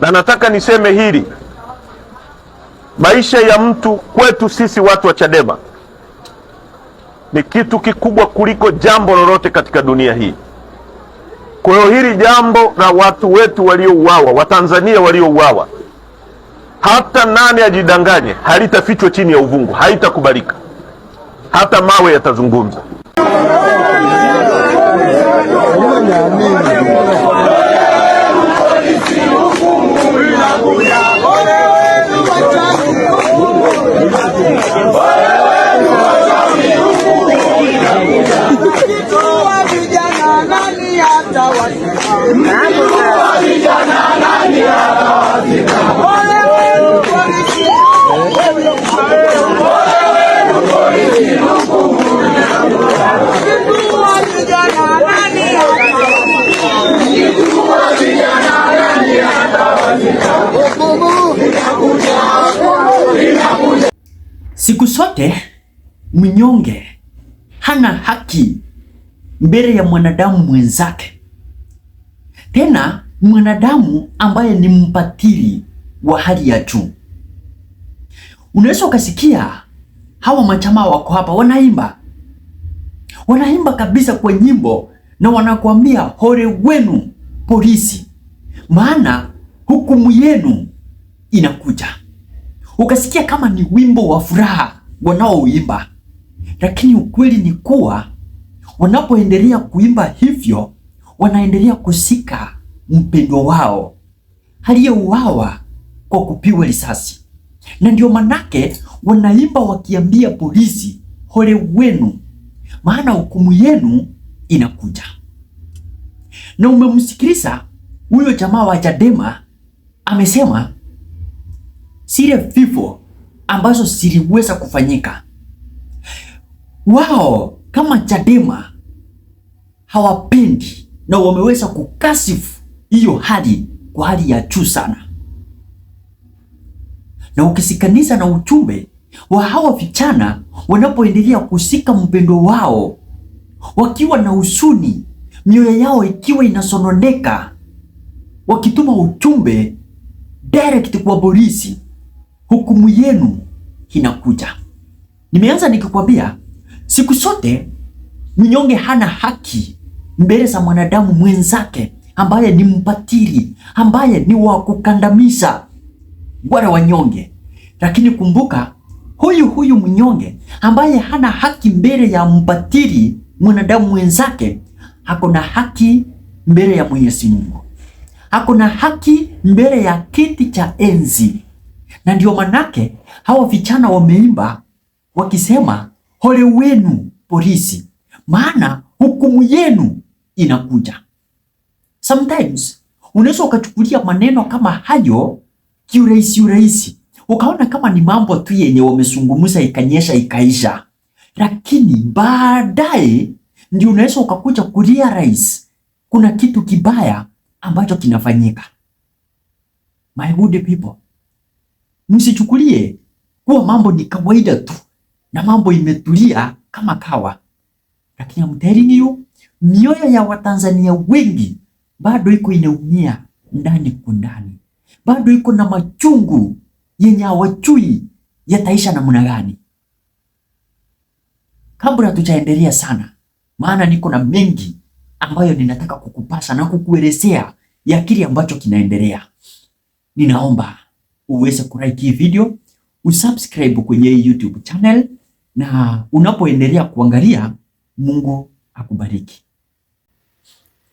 na nataka niseme hili, maisha ya mtu kwetu sisi watu wa Chadema ni kitu kikubwa kuliko jambo lolote katika dunia hii. Kwa hiyo hili jambo na watu wetu waliouawa, Watanzania waliouawa, hata nani ajidanganye, halitafichwa chini ya uvungu, haitakubalika, hata mawe yatazungumza. Vijana nani Siku zote mnyonge hana haki mbele ya mwanadamu mwenzake, tena mwanadamu ambaye ni mpatili wa hali ya juu. Unaweza ukasikia hawa machamaa wako hapa wanaimba, wanaimba kabisa kwa nyimbo, na wanakuambia hore wenu polisi, maana hukumu yenu inakuja ukasikia kama ni wimbo wa furaha wanaoimba, lakini ukweli ni kuwa wanapoendelea kuimba hivyo, wanaendelea kusika mpendwa wao aliyeuawa kwa kupigwa risasi, na ndio manake wanaimba wakiambia polisi, hole wenu, maana hukumu yenu inakuja. Na umemsikiliza huyo jamaa wa Chadema amesema zile vifo ambazo ziliweza kufanyika. Wao kama Chadema hawapendi na wameweza kukasifu hiyo hali kwa hali ya juu sana, na ukisikanisa na ujumbe wa hawa vijana wanapoendelea kusika mpendo wao wakiwa na huzuni, mioyo yao ikiwa inasononeka, wakituma ujumbe direct kwa polisi hukumu yenu inakuja. Nimeanza nikikwambia siku zote mnyonge hana haki mbele za mwanadamu mwenzake ambaye ni mpatiri ambaye ni wa kukandamiza wale wanyonge. Lakini kumbuka huyu huyu mnyonge ambaye hana haki mbele ya mpatiri mwanadamu mwenzake, ako na haki mbele ya Mwenyezi Mungu, ako na haki mbele ya kiti cha enzi na ndio manake hawa vijana wameimba wakisema hole wenu polisi, maana hukumu yenu inakuja. Sometimes unaweza ukachukulia maneno kama hayo kiurahisi urahisi, ukaona kama ni mambo tu yenye wamezungumza ikanyesha ikaisha, lakini baadaye ndio unaweza ukakuja rais, kuna kitu kibaya ambacho kinafanyika. My good people msichukulie kuwa mambo ni kawaida tu na mambo imetulia kama kawa, lakini amtelini yu mioyo ya Watanzania wengi bado iko inaumia ndani kundani, bado iko na machungu yenye hawachui yataisha namna gani. Kabla tujaendelea sana, maana niko na mengi ambayo ninataka kukupasa na kukuelezea ya kile ambacho kinaendelea, ninaomba uweze kulike hii video, usubscribe kwenye YouTube channel, na unapoendelea kuangalia, Mungu akubariki.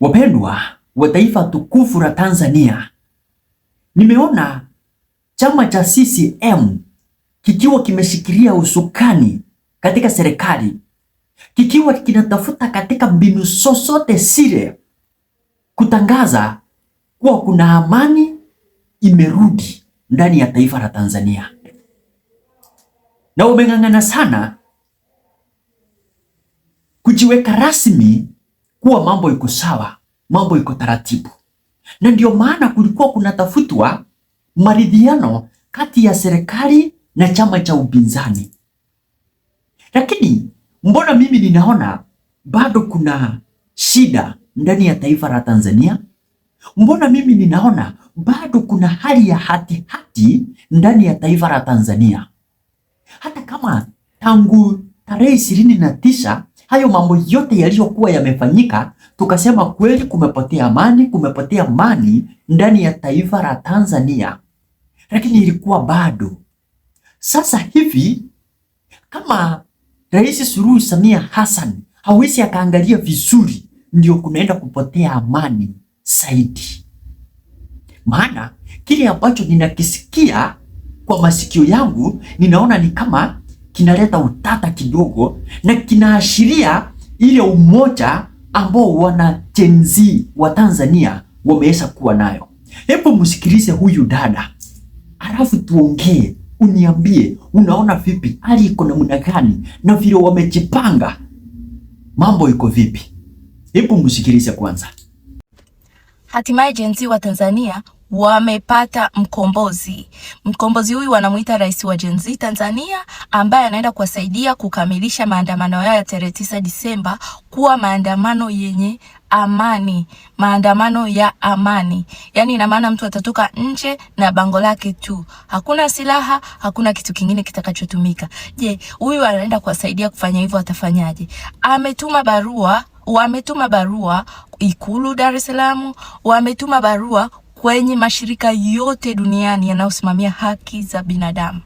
Wapendwa wa taifa tukufu la Tanzania, nimeona chama cha CCM kikiwa kimeshikilia usukani katika serikali, kikiwa kinatafuta katika mbinu zozote zile kutangaza kuwa kuna amani imerudi ndani ya taifa la Tanzania, na umeng'ang'ana sana kujiweka rasmi kuwa mambo iko sawa, mambo iko taratibu, na ndio maana kulikuwa kunatafutwa maridhiano kati ya serikali na chama cha upinzani. Lakini mbona mimi ninaona bado kuna shida ndani ya taifa la Tanzania Mbona mimi ninaona bado kuna hali ya hatihati hati ndani ya taifa la Tanzania, hata kama tangu tarehe ishirini na tisa hayo mambo yote yaliyokuwa yamefanyika, tukasema kweli kumepotea amani, kumepotea amani ndani ya taifa la Tanzania, lakini ilikuwa bado. Sasa hivi kama Rais Suluhu Samia Hassan hawezi akaangalia vizuri, ndio kunaenda kupotea amani zaidi, maana kile ambacho ninakisikia kwa masikio yangu ninaona ni kama kinaleta utata kidogo na kinaashiria ile umoja ambao wana Gen Z wa Tanzania wameweza kuwa nayo. Hebu msikilize huyu dada alafu tuongee, uniambie unaona vipi, hali iko namna gani na vile wamejipanga, mambo iko vipi? Hebu msikilize kwanza. Hatimaye jenzi wa Tanzania wamepata mkombozi. Mkombozi huyu wanamuita rais wa jenzi Tanzania, ambaye anaenda kuwasaidia kukamilisha maandamano yao ya tarehe tisa Disemba kuwa maandamano yenye amani, maandamano ya amani. Yaani ina maana mtu atatoka nje na bango lake tu, hakuna silaha, hakuna kitu kingine kitakachotumika. Je, huyu anaenda kuwasaidia kufanya hivyo, atafanyaje? Ametuma barua wametuma barua Ikulu Dar es Salaam, wametuma barua kwenye mashirika yote duniani yanayosimamia haki za binadamu.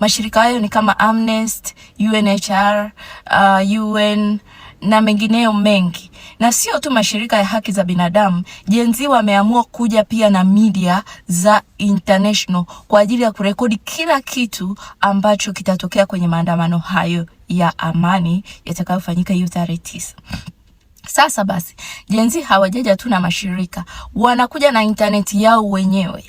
Mashirika hayo ni kama Amnesty, UNHR, uh, UN na mengineyo mengi, na sio tu mashirika ya haki za binadamu. Jenzi wameamua kuja pia na media za international kwa ajili ya kurekodi kila kitu ambacho kitatokea kwenye maandamano hayo ya amani yatakayofanyika hiyo tarehe tisa. Sasa basi jenzi hawajaja tu na mashirika, wanakuja na intaneti yao wenyewe.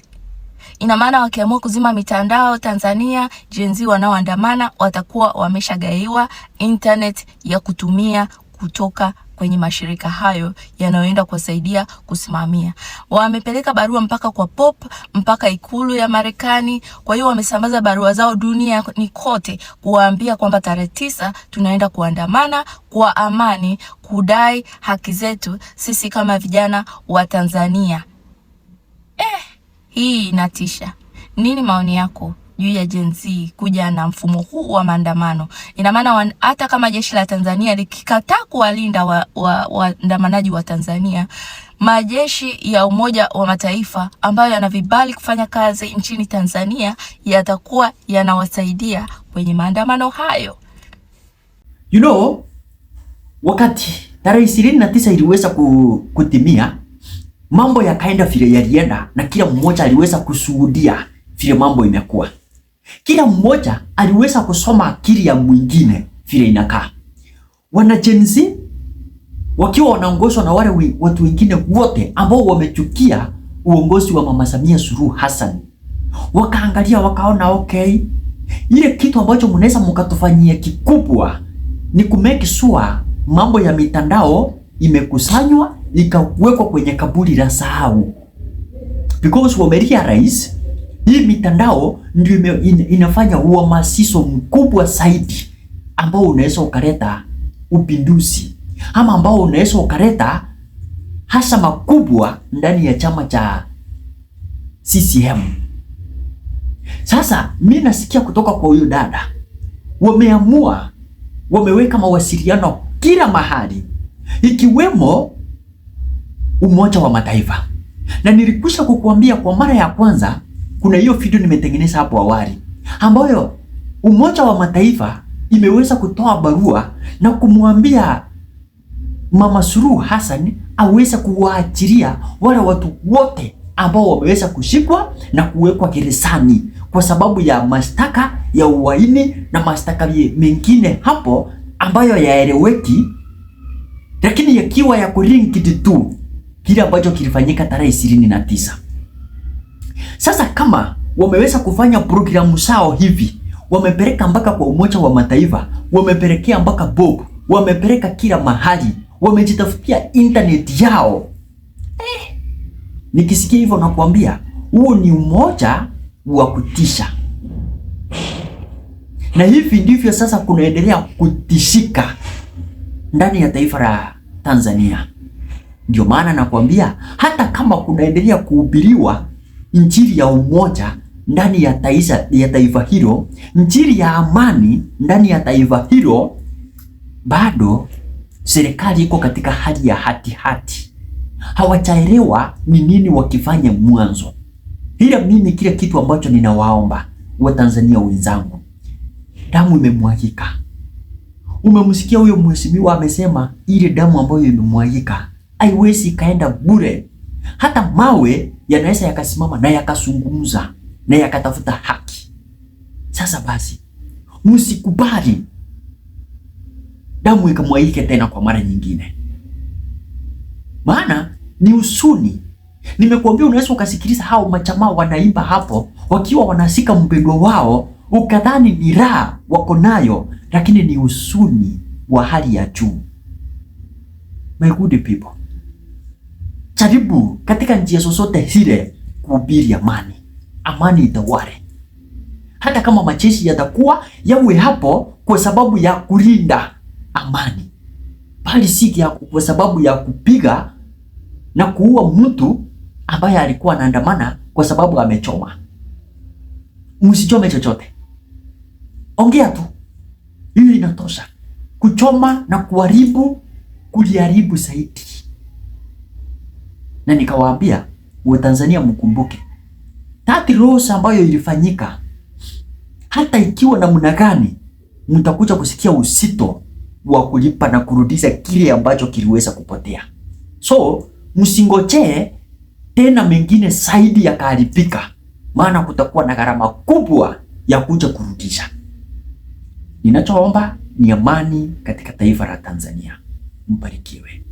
Ina maana wakiamua kuzima mitandao Tanzania, jenzi wanaoandamana watakuwa wameshagaiwa intaneti ya kutumia kutoka kwenye mashirika hayo yanayoenda kuwasaidia kusimamia. Wamepeleka barua mpaka kwa Pop, mpaka ikulu ya Marekani. Kwa hiyo wamesambaza barua zao dunia ni kote kuwaambia kwamba tarehe tisa tunaenda kuandamana kwa amani kudai haki zetu sisi kama vijana wa Tanzania. Eh, hii inatisha. Nini maoni yako? juu ya Gen Z kuja na mfumo huu wa maandamano. Ina maana hata kama jeshi la Tanzania likikataa kuwalinda waandamanaji wa, wa, wa Tanzania, majeshi ya Umoja wa Mataifa ambayo yana vibali kufanya kazi nchini Tanzania yatakuwa yanawasaidia kwenye maandamano hayo. You know, wakati tarehe ishirini na tisa iliweza kutimia, mambo yakaenda vile yalienda, na kila mmoja aliweza kushuhudia vile mambo imekuwa. Kila mmoja aliweza kusoma akili ya mwingine vile inakaa. Wana Gen Z wakiwa wanaongozwa na wale watu wengine wote ambao wamechukia uongozi wa Mama Samia Suluhu Hassan, wakaangalia wakaona, okay, ile kitu ambacho mnaweza mkatufanyia kikubwa ni kumake sure mambo ya mitandao imekusanywa ikawekwa kwenye kaburi la sahau, because wamerealize hii mitandao ndio in, inafanya uhamasisho mkubwa zaidi ambao unaweza ukaleta upinduzi ama ambao unaweza ukaleta hasa makubwa ndani ya chama cha CCM. Sasa mimi nasikia kutoka kwa huyo dada, wameamua wameweka mawasiliano kila mahali, ikiwemo Umoja wa Mataifa, na nilikwisha kukuambia kwa mara ya kwanza kuna hiyo video nimetengeneza hapo awali ambayo Umoja wa Mataifa imeweza kutoa barua na kumwambia Mama Suluhu Hassan aweze kuwaachilia wale watu wote ambao wameweza kushikwa na kuwekwa gerezani kwa sababu ya mashtaka ya uhaini na mashtaka mengine hapo ambayo yaeleweki, lakini yakiwa ya kulinked tu kile ambacho kilifanyika tarehe ishirini na tisa. Sasa kama wameweza kufanya programu sao hivi, wamepeleka mpaka kwa Umoja wa Mataifa, wamepelekea mpaka Bob, wamepeleka kila mahali, wamejitafutia internet yao eh. Nikisikia hivyo nakwambia huo ni umoja wa kutisha, na hivi ndivyo sasa kunaendelea kutishika ndani ya taifa la Tanzania. Ndio maana nakwambia hata kama kunaendelea kuhubiriwa injili ya umoja ndani ya taifa, ya taifa hilo, injili ya amani ndani ya taifa hilo, bado serikali iko katika hali ya hatihati, hawachaelewa ni nini wakifanya mwanzo. Ila mimi kile kitu ambacho ninawaomba Watanzania wenzangu, damu imemwagika. Umemsikia huyo mheshimiwa amesema ile damu ambayo imemwagika haiwezi ikaenda bure. Hata mawe yanaweza yakasimama na yakazungumza na yakatafuta haki. Sasa basi, msikubali damu ikamwaike tena kwa mara nyingine, maana ni usuni Nimekuambia unaweza ukasikiliza hao machamaa wanaimba hapo wakiwa wanasika mpendwa wao, ukadhani ni raha wako nayo, lakini ni usuni wa hali ya juu. My good people jaribu katika njia zozote zile kuhubiri amani. Amani itawale, hata kama majeshi yatakuwa yawe hapo kwa sababu ya kulinda amani, bali si kwa sababu ya kupiga na kuua mtu ambaye alikuwa anaandamana kwa sababu amechoma. Msichome chochote, ongea tu, hiyo inatosha. Kuchoma na kuharibu kuliharibu zaidi na nikawaambia Watanzania mkumbuke tati rose ambayo ilifanyika, hata ikiwa namna gani mtakuja kusikia usito wa kulipa na kurudisha kile ambacho kiliweza kupotea. So msingochee tena mengine zaidi yakaharibika, maana kutakuwa na gharama kubwa ya kuja kurudisha. Ninachoomba ni amani katika taifa la Tanzania. Mbarikiwe.